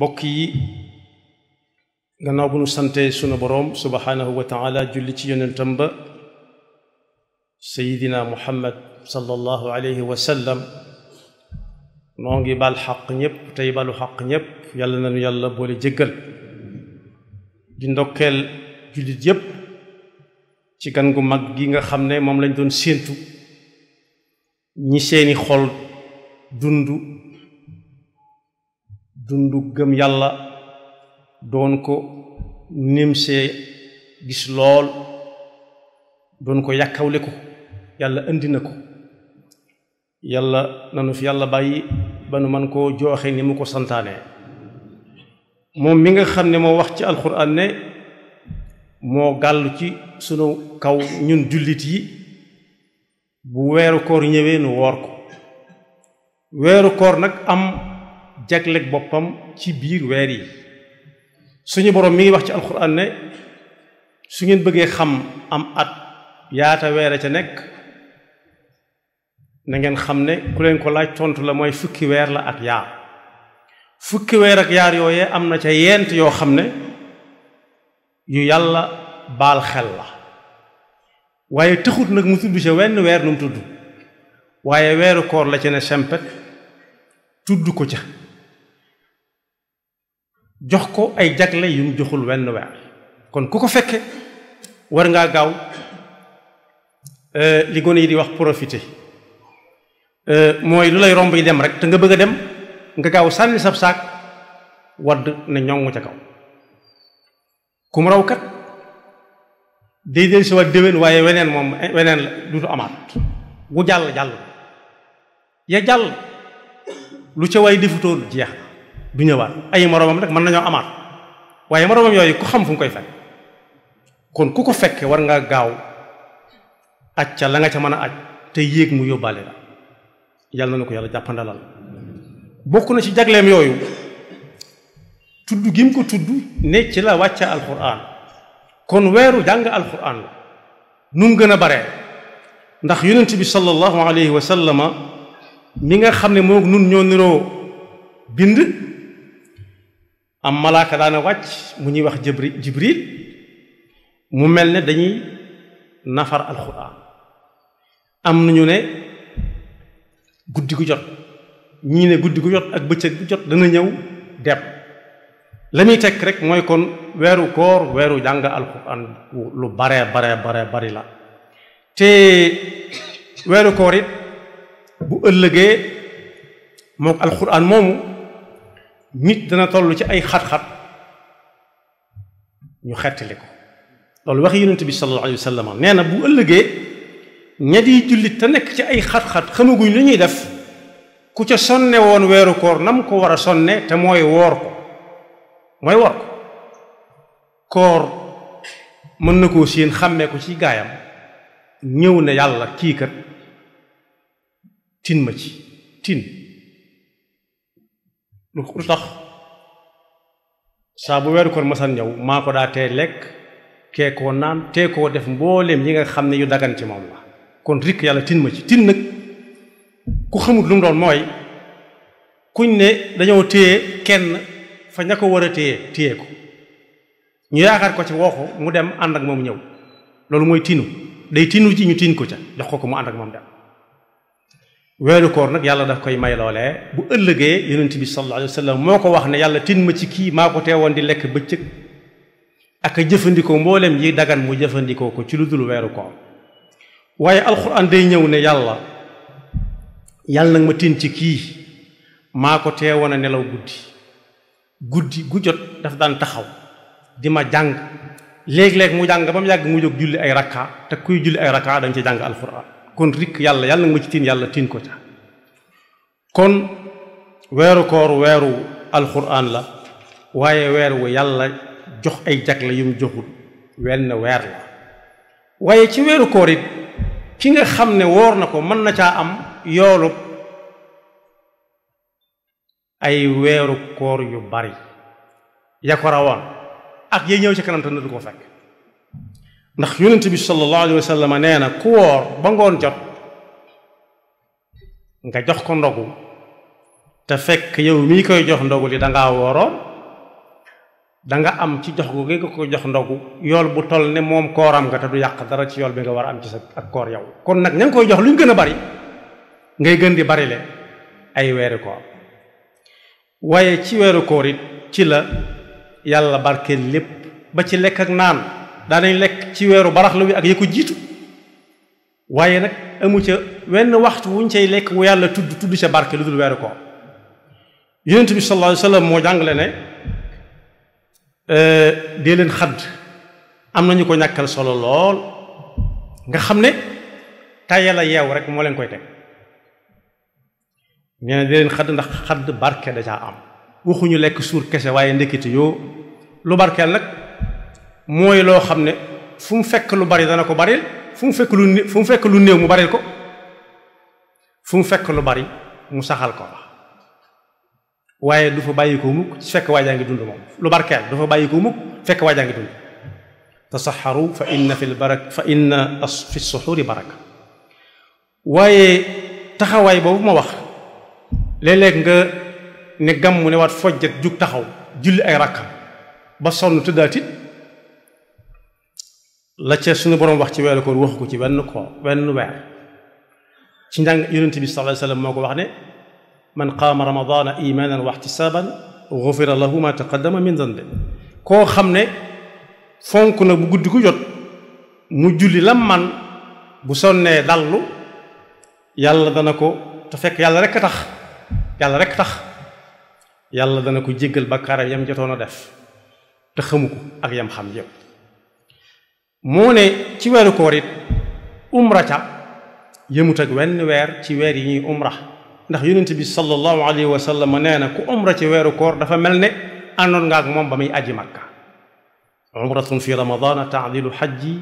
bokk yi gannaaw bu nu sante sunu boroom subhaanahu wa taala julli ci yonentam tamba sayidina muhammad sallallahu alayhi wa sallam noo ngi baal xaq ñépp tey balu xaq ñépp yàlla nañu yàlla boole jéggal di ndokkeel jullit yépp ci gan gu mag gi nga xam ne moom lañ doon séentu ñi seeni xol dund dundu gëm yàlla doon ko nimsee gis lool doon ko yàkkawle ko yàlla indi na ko yàlla nanu fi yàlla bàyyi ba nu man koo jooxe ni mu ko santaane moom mi nga xam ne moo wax ci alxuraan ne moo gàll ci sunu kaw ñun jullit yi bu weeru koor ñëwee nu woor ko weeru koor nag am jagleeg boppam ci biir weer yi suñu boroom mi ngi wax ci alxuraan ne su ngeen bëggee xam am at yaata weer a ca nekk na ngeen xam ne ku leen ko laaj tontu la mooy fukki weer la ak yaar fukki weer ak yaar yooyee am na ca yent yoo xam ne yu yàlla baal xel la waaye tëxut nag mu tudd ca wenn weer nu mu tudd waaye weeru koor la ca ne sempet tudd ko ca jox ko ay jagle yu mu joxul wenn weer kon ku ko fekke war ngaa gaaw eh, li gone yi di wax profité eh, mooy lu lay romb yi dem rek te nga bëgg a dem nga gaaw sànni sab saak wadd ne ñoŋ ca kaw ku mu raw kat day del si waat déwén waaye weneen moom eh, weneen la dutu amaat wu jàll jàll ya jàll lu ca waay defutoon jeex du ñëwaat ay moroomam nag mën nañoo amaat waaye moroomam yooyu ku xam fu koy fekk kon ku ko fekke war nga gaaw aj la nga ca mën a aj te yéeg mu yóbbaale la yàlla na ko yàlla jàppandalal bokk na ci jagleem yooyu tudd gim ko tudd ne ci la wàcce alxuraan kon weeru jàng alxuraan la mu gën a bare ndax yonent bi sallallahu alayhi wa sallama mi nga xam ne moo nun ñoo niroo bind am malaaka daana wàcc mu ñuy wax jibri jibril mu mel ne dañuy nafar alxuraan am nañu ne guddi gu jot ñii ne guddi gu jot ak bëccëg gu jot dana ñëw dem la muy tekk rek mooy kon weeru koor weeru jàng alxuraan lu bare bare bari la te weeru koor it bu ëllëgee mook alxuraan moomu nit dana toll ci ay xat-xat ñu xettali ko loolu waxi yonent bi sallallahu alayhi wa nee na bu ëllëgee ña di jullit te nekk ci ay xat-xat xamaguñ lu ñuy def ku ca sonne woon weeru koor nam ko war a sonne te mooy woor ko mooy woor ko koor mën na koo séen xàmmee ko ci gaayam ñëw ne yàlla kii kat tin ma ci tin lu tax saa bu weeru koor masan ñëw maa ko daa tee lekk kee koo naan tee koo def mbooleem yi nga xam ne yu dagan ci moom la kon rikk yàlla tin ma ci tin nag ku xamut lu mu doon mooy kuñ ne dañoo téye kenn fa ña ko war a téye téye ko ñu yaakaar ko ci woo mu dem ànd ak moom ñëw loolu mooy tinu day tinu ci ñu tin ko ca jox ko ko mu ànd ak moom dem weeru koor nag yàlla daf koy may bu ëllëgee yonent bi sallallahu alayhi moo ko wax ne yàlla tin ma ci kii maa ko teewoon di lekk bëccëg ak a jëfandikoo mboolem yi dagan mu jëfandikoo ko ci lu dul weeru koor waaye alxuraan day ñëw ne yàlla yàlla nag ma tin ci kii maa ko teewoon a nelaw guddi guddi gujot jot daf daan taxaw di ma jàng léeg-léeg mu jàng ba mu yàgg mu jóg julli ay rakka te kuy julli ay rakka dañ ci jàng alxuraan kon rikk yàlla yàlla nga ma ci tiin yàlla tiin ko ca kon weeru koor weeru alxuraan la waaye weer wu yàlla jox ay jagle yum joxul wenn weer la waaye ci weeru koor it ki nga xam ne woor na ko mën na caa am yoolub ay weeru koor yu bari ya ko rawoon ak yay ñëw ci kanam te na du ko fekk ndax yonent bi sallallahu alayhi wa sallam nee na ku woor ba ngoon jot nga jox ko ndogu te fekk yow mii koy jox ndogu li dangaa wooroon danga am ci jox ko gi nga ko jox ndogu yool bu toll ne moom kooram nga te du yàq dara ci yool bi nga war a am ci sa ak koor yow kon nag ña koy jox lu gën a bari ngay gën di bari le ay weeru koor waaye ci weeru koor it ci la yàlla barkeel lépp ba ci lekk ak naan daanañ lekk ci weeru baraxlu bi ak ya ko jiitu waaye nag amu ca wenn waxtu wuñ cay lekk wu yàlla tudd tudd ca barke lu dul weeru koor yonent bi sallallahu moo jàngale ne eh, dee leen am nañu ko ñàkkal solo lool nga xam ne tàyya la yeew rek moo leen koy teg nee na dee leen xadd ndax xadd barke da caa am waxuñu lekk suur kese waaye ndekkite yoo lu barkeel nag mooy loo xam ne fu mu fekk lu bari dana ko baril fu mu fekk lu fu mu fekk néew mu baril ko fu mu fekk lu bari mu saxal ko waaye du fa bàyyi ko mukk ci fekk waajaa ngi dund moom lu barkeel du fa bàyyi ko mukk fekk waajaa ngi dund tasaxaru fa inna fi barak fa inna fi baraka waaye taxawaay boobu ma wax léeg-léeg nga ne gàmm ne waat fojjat jug taxaw julli ay rakka ba sonn tëddaatit la ca suñu boroom wax ci weeru koor waxu ko ci wenn ko wenn weer ci njàng yonent bi sallallahu alayhi moo ko wax ne man qaama ramadaana imaanan wa ihtisaaban gufira lahu ma taqaddama min danbi koo xam ne fonk na bu guddi ku jot mu julli la man bu sonnee dallu yàlla dana ko te fekk yàlla rekk a tax yàlla rekk tax yàlla dana ko jéggal bakkaaram yam jotoon a def te xamu ko ak yam xam yépp moo ne ci weeru koor it umra ca yëmut ak wenn weer ci weer yi ñuy umra ndax yonent bi sallallahu alayhi wa sallam nee na ku umra ci weeru koor dafa mel ne àndoon nga ak moom ba muy aji makka umratun fi ramadana taadilu xajji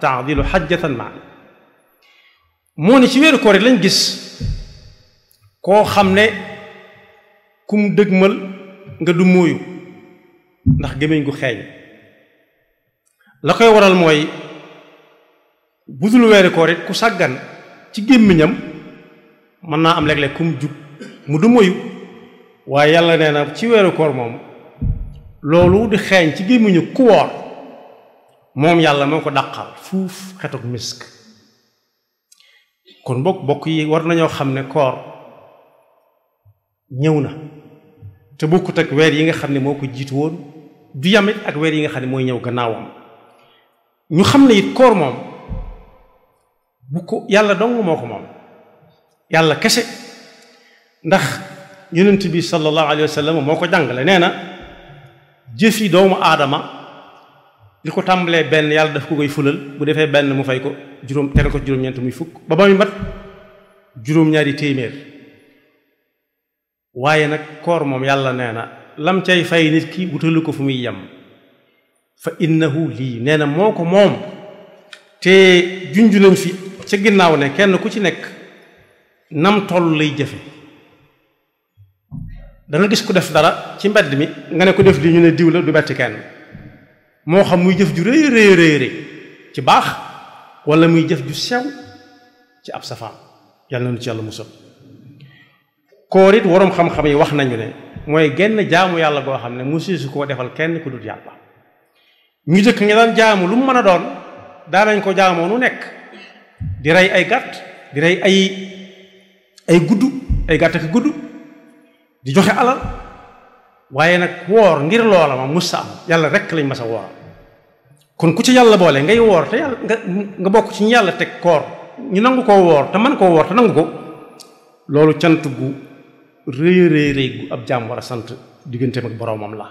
taadilu xajjatan maani moo ne ci weeru koor it lañ gis koo xam ne kum dëgmal nga du mooyu ndax gémmiñ gu xeeñ la koy waral mooy bu dul weeri koor it ku sàggan ci gémmiñam mën naa am léeg-léeg ku mu jub mu du moyu waaye yàlla nee na ci weeru koor moom loolu di xeeñ ci gémmiñu ku woor moom yàlla moo ko dàqal fuuf xetuk misk kon bokk bokk yi war nañoo xam ne koor ñëw na te bokkut ak weer yi nga xam ne moo ko jiitu woon du yamit ak weer yi nga xam ne mooy ñëw gannaawam ñu xam ne it koor moom bu ko yàlla dong moo ko moom yàlla kese ndax yonent bi sallallahu alayhi wa sallam moo ko jàngale nee na jëf yi doomu aadama li ko tàmbalee benn yàlla daf ko koy fulal bu defee benn mu fay ko juróom tere ko juróom-ñeent muy fukk ba ba muy mat juróom-ñaari téeméer waaye nag koor moom yàlla nee na lam cay fay nit ki wutalu ko fu muy yem fa innahu lii nee na moo ko moom te junju nañ fi ca ginnaaw ne kenn ku ci nekk nam toll lay jëfe da gis ku def dara ci mbedd mi nga ne ko def li ñu ne diw la du betti kenn moo xam muy jëf ju rëy rëy ci baax wala muy jëf ju sew ci ab safaan yàlla na ci yàlla musal koor it waroom xam-xam yi wax nañu ne mooy genn jaamu yàlla goo xam ne musu su koo defal kenn ku dul yàlla ñu jëkk ñi daan jaamu lu mu mën a doon daanañ ko jaamoo nu nekk di rey ay gàtt di rey ay ay gudd ay gàtt ak gudd di joxe alal waaye nag woor ngir loola ma mus sa am yàlla rek lañ mas a woor kon ku ci yàlla boole ngay woor te yàlla nga nga bokk ci ñu yàlla teg koor ñu nangu koo woor te man koo woor te nangu ko loolu cant gu rëy rëy rëy gu ab jaam war a sant digganteem ak boroomam la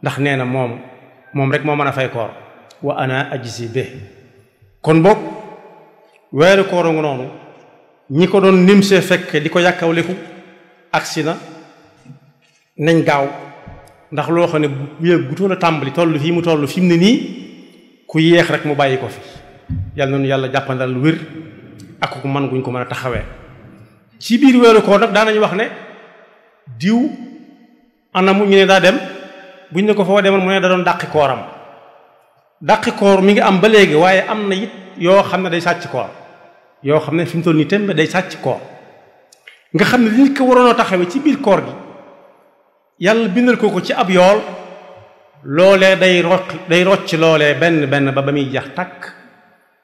ndax nee na moom moom rek moo mën a fay koor wa ana ajzi bi kon boog weeru koor nga noonu ñi ko doon nim see fekk di ko yàkkawliku agsi na nañ gaaw ndax loo xam ne bu gutoon a tàmbali toll fii mu toll fi mu ne nii ku yéex rek mu bàyyi ko fi yàlla noonu yàlla jàppandal wér ak ku man guñ ko mën a taxawee ci biir weeru koor nag daanañu wax ne diw anamu ñu ne daa dem buñ ne ko foo demoon mu ne da doon dàqi kooram dàqi koor mi ngi am ba léegi waaye am na yit yoo xam ne day sàcc koor yoo xam ne fi mu ni nii tembe day sàcc koor nga xam ne li nit ko waroon a taxawee ci biir koor gi yàlla bindal ko ko ci ab yool loolee day rocc day rocc loolee benn benn ba ba muy jax takk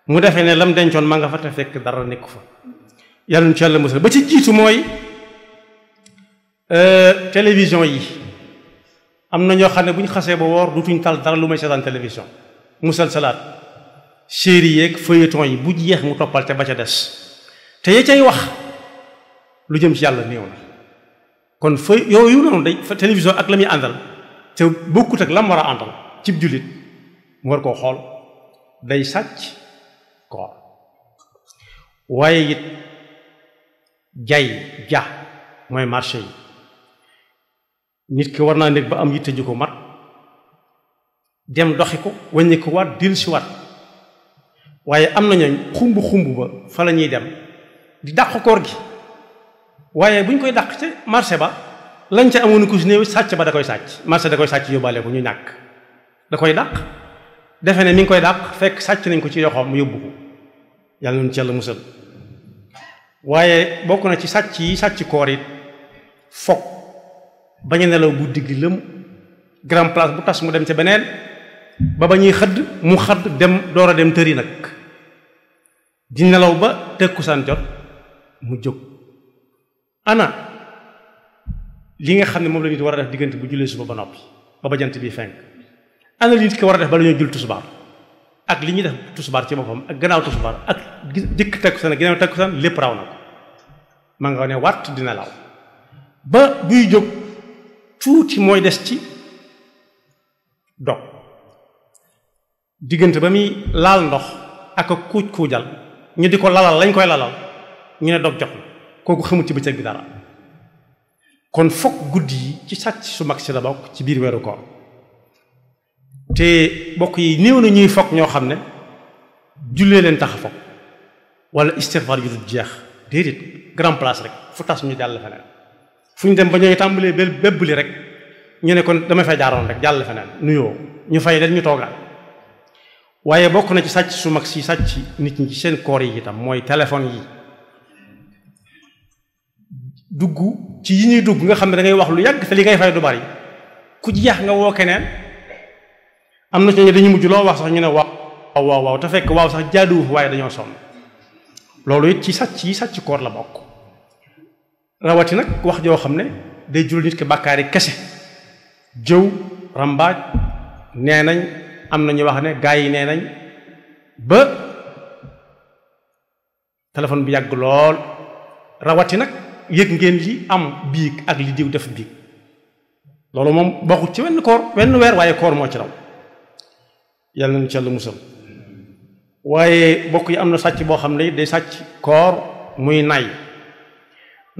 mu defee ne lam dencoon ma nga fa te fekk dara nekku fa yàlla nu ci yàlla musal ba ci jiitu mooy euh, télévision yi am na ñoo xam ne bu ñu xasee ba woor dutuñ tal dara lu may seetaan télévision musal salaat série yeeg feuilleton yi bu jeex mu toppal te ba ca des te ya cay wax lu jëm ci yàlla néew na kon fa yooyu noonu day télévision ak la muy àndal te bokkut ak lam war a àndal cib jullit mu war koo xool day sàcc koor waaye it jay ja mooy marché yi nit ki war naa nekk ba am yitte ju ko mat dem doxi ko wàññi ko dil si waat waaye am na ñooñ xumb xumb ba fa la ñuy dem di dàq koor gi waaye bu ñu koy dàq ci marché ba lañ ca amoon ko si néew sàcc ba da koy sàcc marché da koy sàcc yóbbaale ko ñu ñàkk da koy dàq defe ne mi ngi koy dàq fekk sàcc nañ ko ci yoxoom yóbbu ko yàlla noonu ci yàlla musal waaye bokk na ci sàcc yi sàcc koor it fokk bañ a nelaw guddi gi lëm grand place bu tas mu dem ci beneen ba ba ñuy xëdd mu xëdd dem door a dem tëri nag di nelaw ba tekkusaan jot mu jóg anna li nga xam ne moom la nit war a def diggante bu jullee suba ba noppi ba ba jant bi fenk ana li nit ki war a def ba la ñoo jul tusubaar ak li ñuy def tusubaar ci boppam ak gannaaw tusubaar ak jëkk tekkusaan ak gannaaw tekkusaan lépp raw na ko ma nga ne wàtt di nelaw ba buy jóg tuuti mooy des ci dog diggante ba muy laal ndox ak a kuuj kuujal ñu di ko lalal lañ koy lalal ñu ne dog jot na kooku xamul ci bëccëg bi dara kon fokk guddi yi ci sàcc su mag si la bokk ci biir weeru koor te bokk yi néew na ñuy fokk ñoo xam ne jullee leen tax a fokk wala istigfaar yu dul jeex déedéet grand place rek fu tas ñu jàll feneen fu ñu dem ba ñooy tàmbalee bé bébbli rek ñu ne kon dama fay jaaroon rek jàll feneen nuyoo ñu fay leen ñu toogaat waaye bokk na ci sàcc su mag si sàcc nit ñi ci seen koor yi itam mooy téléphone yi dugg ci yi ñuy dugg nga xam ne dangay wax lu yàgg te li ngay fay du bari ku jeex nga woo keneen am na ci ñooñu dañuy mujj loo wax sax ñu ne waaw waaw waaw te fekk waaw sax jaaduwul waaye dañoo sonn loolu it ci sàcc yi sàcc koor la bokk rawati nag wax joo xam ne day jural nit ki bàkkaari kese jëw rambaaj nee nañ am na ñu wax ne gaa yi nee nañ ba téléphone bi yàgg lool rawati nag yëg ngeen li am biig ak li diw def biig loolu moom bokkut ci wenn koor wenn weer waaye koor moo ci raw yàlla nañu ci yàlla musal waaye bokk yi am na sàcc boo xam ne day sàcc koor muy nay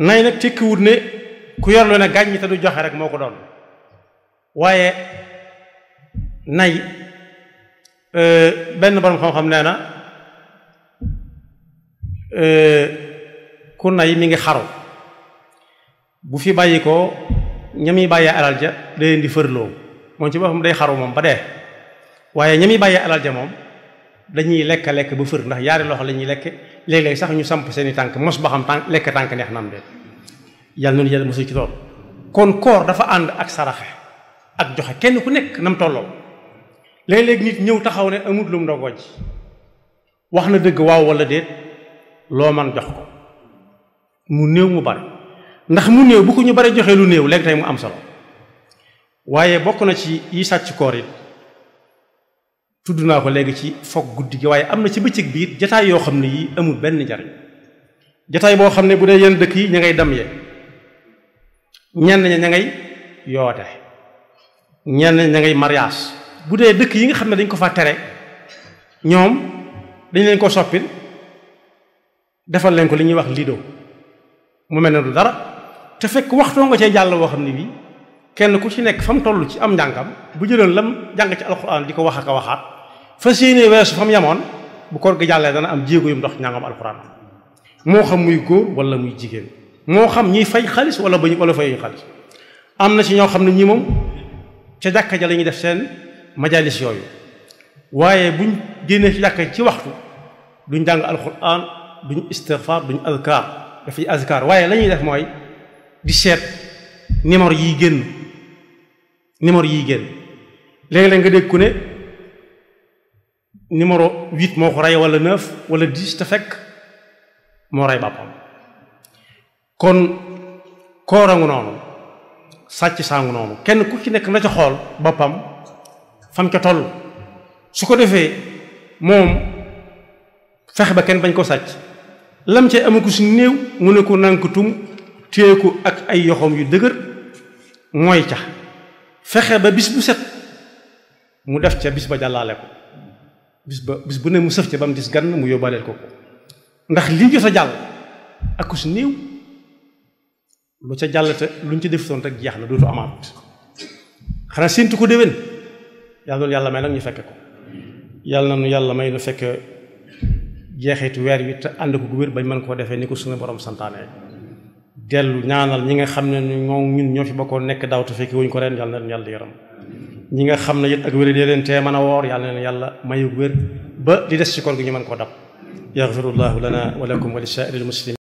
nay nag tekkiwut ne ku yor lu ne gàññi te du joxe rek moo ko doon waaye nay euh, benn borom xam-xam nee na euh, ku nay mi ngi xaru bu fi bàyyi ko ña muy bàyyee alal ja day leen di fërloo moom ci boppam day xaru moom ba dee waaye ña muy bàyyee alal ja moom dañuy lekk lekk ba fër ndax yaari loxo lañuy ñuy lekk léeg sax ñu samp seeni tànk mos ba xam tànk lekk tànk neex nam de yàlla noonu yàlla mosul ci loolu kon koor dafa ànd ak saraxe ak joxe kenn ku nekk nam tolloo léeg nit ñëw taxaw ne amut lu mu ndogoo ji wax na dëgg waaw walla déet loo man jox ko mu néew mu bare ndax mu néew bu ko ñu bare joxee lu néew léegi tey mu am solo waaye bokk na ci yi sàcc koor it tudd naa ko léegi ci foog guddi gi waaye am na ci bëccëg biir jataay yoo xam ne yi amul benn njariñ jataay boo xam ne bu dee yenn dëkk yi ña ngay dam ye ñenn ña ña ngay yoote ñenn ña ña ngay mariage bu dee dëkk yi nga xam ne dañ ko fa tere ñoom dañ leen ko soppil defal leen ko li ñuy wax lido mu mel ne du dara te fekk waxtoo nga cee jàll woo xam ne bii kenn ku ci nekk fa mu toll ci am njàngam bu jëloon lam jàng ci alxuraan di ko wax ak a waxaat fa yéene weesu fa mu yamoon bu koor gi jàllee dana am jéego yu ndox dox njàngam alxuraan moo xam muy góor wala muy jigéen moo xam ñiy fay xaalis wala bañ wala fayuñu xaalis am na si ñoo xam ne ñi moom ca jàkka ja lañuy def seen majalis yooyu waaye buñ génnee ci jàkka ci waxtu duñ jàng alxuraan duñ istighfar duñ azkar dafay azkar waaye la ñuy def mooy di seet yi génn numéro yi génn léeg-léeg nga dégg ku ne numéro huit moo ko rey wala neuf walla dix te fekk moo rey bàppam kon koorangu noonu sàcc saangu noonu kenn ku ci nekk na ca xool boppam fam ca toll su ko defee moom fexe ba kenn bañ ko sàcc lam ca ama ko si néew mu ne ko nànk tum ak ay yoxoom yu dëgër mooy ca fexe ba bis bu set mu def ca bis ba jàllaale ko bis ba bis bu ne mu sëf ca ba mu dis gan mu yóbbaaleel ko ko ndax lii jot a jàll ak ku si lu ca jàll te lu ñu ci defutoon rek jeex na dootu amaat xanaa séntu ko déwén yàlla doon yàlla may nag ñu fekke ko yàlla na nu yàlla may nu fekke jeexitu weer wi te ànd ko gu wér bañ mën koo defee ni ko suñu borom santaane dellu ñaanal ñi nga xam ne moom ñun ñoo fi bokkoon nekk daaw te fekki wuñ ko ren yàlla na leen yàlla yaram ñi nga xam ne it ak wér dee leen tee mën a woor yàlla na leen yàlla mayu wér ba di des ci koor gi ñu mën koo dab yaxfirullahu lana wa lakum wa li saa'iril muslimin